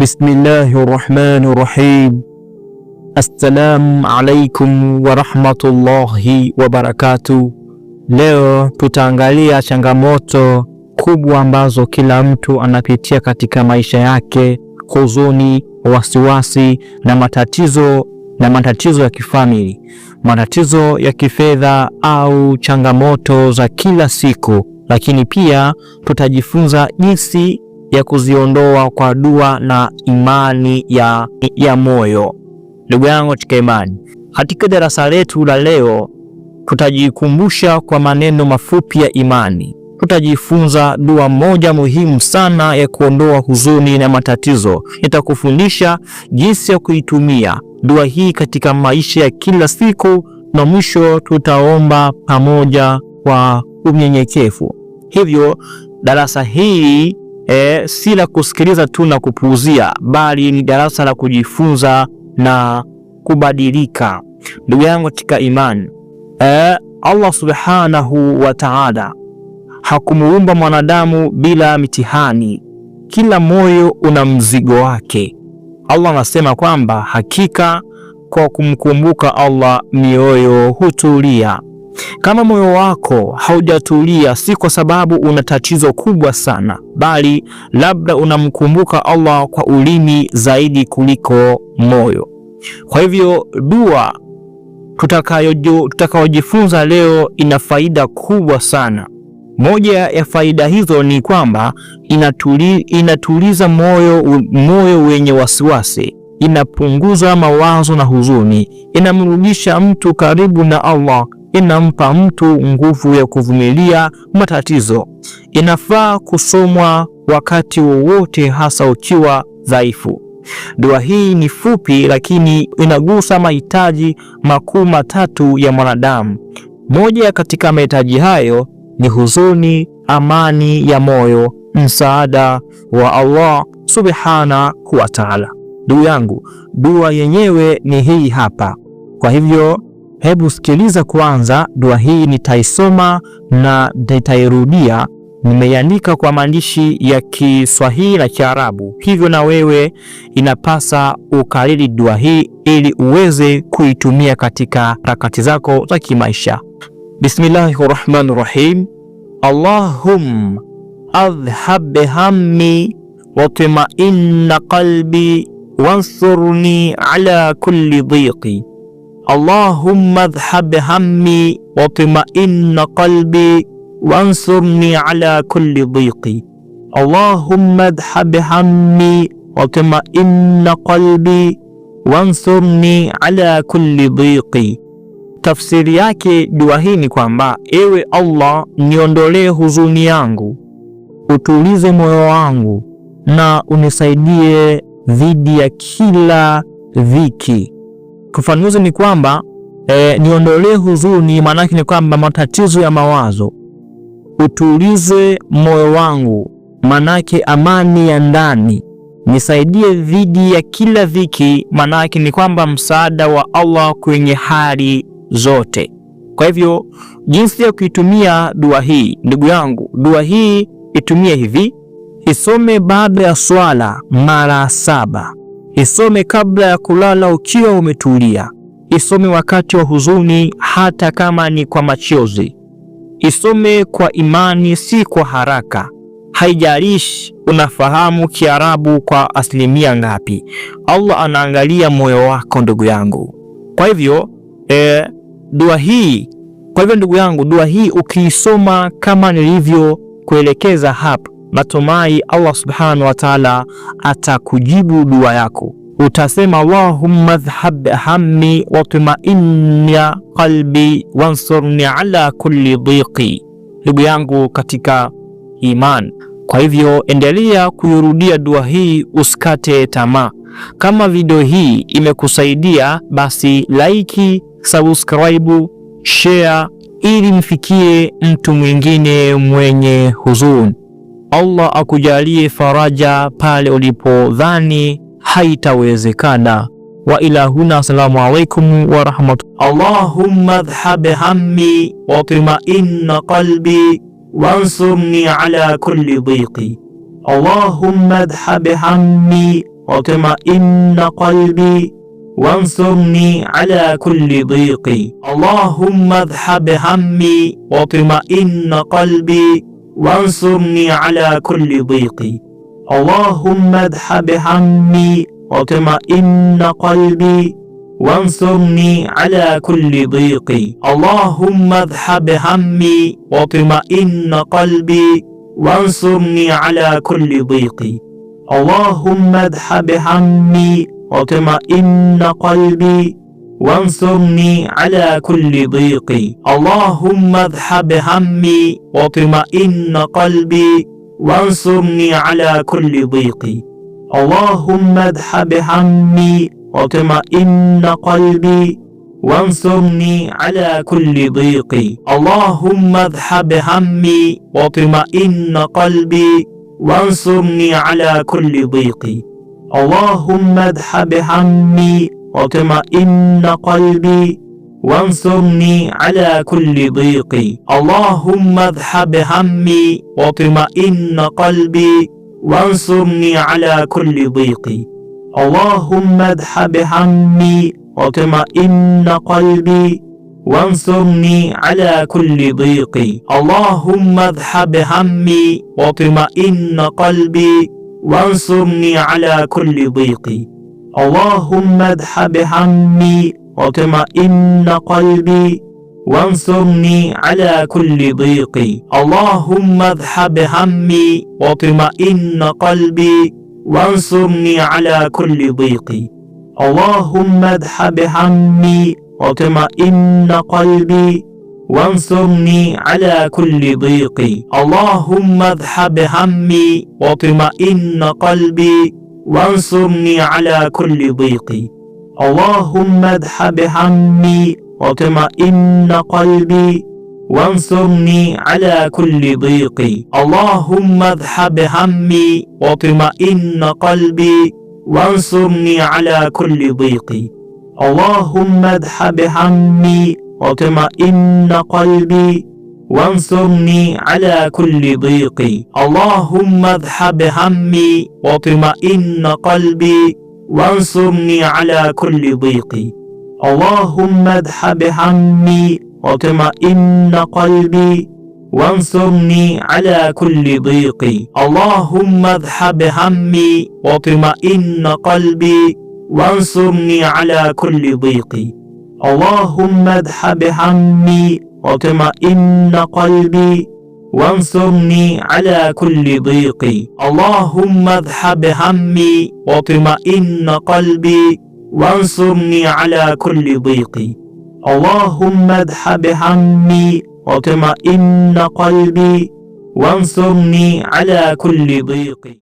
Bismillahi rahmani rahim. Assalamu alaikum warahmatullahi wabarakatu. Leo tutaangalia changamoto kubwa ambazo kila mtu anapitia katika maisha yake: huzuni, wasiwasi na matatizo na matatizo ya kifamili, matatizo ya kifedha au changamoto za kila siku, lakini pia tutajifunza jinsi ya kuziondoa kwa dua na imani ya, ya moyo. Ndugu yangu katika imani, katika darasa letu la leo tutajikumbusha kwa maneno mafupi ya imani. Tutajifunza dua moja muhimu sana ya kuondoa huzuni na matatizo. Nitakufundisha jinsi ya kuitumia dua hii katika maisha ya kila siku, na mwisho tutaomba pamoja kwa unyenyekevu. Hivyo darasa hii e, si la kusikiliza tu na kupuuzia, bali ni darasa la kujifunza na kubadilika. Ndugu yangu katika imani e, Allah subhanahu wa ta'ala hakumuumba mwanadamu bila mitihani. Kila moyo una mzigo wake. Allah anasema kwamba hakika kwa kumkumbuka Allah mioyo hutulia. Kama moyo wako haujatulia, si kwa sababu una tatizo kubwa sana, bali labda unamkumbuka Allah kwa ulimi zaidi kuliko moyo. Kwa hivyo dua tutakayojifunza leo ina faida kubwa sana. Moja ya faida hizo ni kwamba inatuli, inatuliza moyo, moyo wenye wasiwasi, inapunguza mawazo na huzuni, inamrudisha mtu karibu na Allah inampa mtu nguvu ya kuvumilia matatizo. Inafaa kusomwa wakati wowote, hasa ukiwa dhaifu. Dua hii ni fupi, lakini inagusa mahitaji makuu matatu ya mwanadamu. Moja katika mahitaji hayo ni huzuni, amani ya moyo, msaada wa Allah subhanahu wa ta'ala. Ndugu yangu, dua yenyewe ni hii hapa. Kwa hivyo Hebu sikiliza kwanza, dua hii nitaisoma na nitairudia. Nimeiandika kwa maandishi ya Kiswahili na Kiarabu, hivyo na wewe inapasa ukariri dua hii ili uweze kuitumia katika harakati zako za kimaisha. Bismillahi rahmani rahim. Allahum adhhab hammi watmainna qalbi wansurni ala kulli dhiqi Allahumma dhhab hammi watmainna qalbi wansurni ala kulli dhiqi. Allahumma dhhab hammi watmainna qalbi wansurni ala kulli dhiqi. Tafsiri yake dua hii ni kwamba ewe Allah, niondolee huzuni yangu, utulize moyo wangu na unisaidie dhidi ya kila dhiki. Kufanuzi ni kwamba e, niondolee huzuni, maanake ni kwamba matatizo ya mawazo, utulize moyo wangu, maanake amani ya ndani, nisaidie dhidi ya kila dhiki, maanake ni kwamba msaada wa Allah kwenye hali zote. Kwa hivyo jinsi ya kuitumia dua hii, ndugu yangu, dua hii itumie hivi: isome baada ya swala mara saba Isome kabla ya kulala ukiwa umetulia. Isome wakati wa huzuni, hata kama ni kwa machozi. Isome kwa imani, si kwa haraka. Haijalishi unafahamu Kiarabu kwa asilimia ngapi, Allah anaangalia moyo wako, ndugu yangu. Kwa hivyo eh, dua hii, kwa hivyo ndugu yangu, dua hii ukiisoma kama kuelekeza hapa Natumai Allah subhanahu wa taala atakujibu dua yako. Utasema allahumma dhhab hammi tumainna qalbi wansurni ala kulli dhiqi. Ndugu yangu katika iman, kwa hivyo endelea kuirudia dua hii, usikate tamaa. Kama video hii imekusaidia basi like, subscribe, share ili mfikie mtu mwingine mwenye huzuni. Allah akujalie faraja pale ulipodhani haitawezekana. wa ilahuna. Assalamu alaikum wa rahmatullahi. Allahumma dhhab hammi wa tumainna qalbi wansurni ala kulli dhiqi. Allahumma dhhab hammi wa tumainna qalbi wansurni ala kulli dhiqi. Allahumma dhhab hammi wa tumainna qalbi وانصرني على كل ضيقي اللهم اذهب همي واطمئن قلبي وانصرني على كل ضيقي اللهم اذهب همي واطمئن قلبي وانصرني على كل ضيقي اللهم اذهب همي واطمئن قلبي وانصرني على كل ضيق اللهم اذهب همي واطمئن قلبي وانصرني على كل ضيق اللهم اذهب همي واطمئن قلبي وانصرني على كل ضيق اللهم اذهب همي واطمئن قلبي وانصرني على كل ضيق اللهم اذهب همي واطمئن قلبي وانصرني على كل ضيق اللهم اذهب همي واطمئن قلبي وانصرني على كل ضيق اللهم اذهب همي واطمئن قلبي وانصرني على كل ضيق اللهم اذهب همي واطمئن قلبي وانصرني على كل ضيق اللهم اذهب همي وطمئن قلبي وانصرني على كل ضيق اللهم اذهب همي وطمئن قلبي وانصرني على كل ضيق اللهم اذهب همي وطمئن قلبي وانصرني على كل ضيق اللهم اذهب همي وطمئن قلبي وانصرني على كل ضيقي اللهم اذهب همي وطمئن قلبي وانصرني على كل ضيقي اللهم اذهب همي وطمئن قلبي وانصرني على كل ضيقي اللهم اذهب همي وطمئن قلبي وانصرني على كل ضيق اللهم اذهب همي واطمئن قلبي وانصرني على كل ضيق اللهم اذهب همي واطمئن قلبي وانصرني على كل ضيق اللهم اذهب همي واطمئن قلبي وانصرني على كل ضيق اللهم اذهب همي واطمئن قلبي وانصرني على كل ضيق اللهم اذهب همي واطمئن قلبي وانصرني على كل ضيق اللهم اذهب همي واطمئن قلبي وانصرني على كل ضيق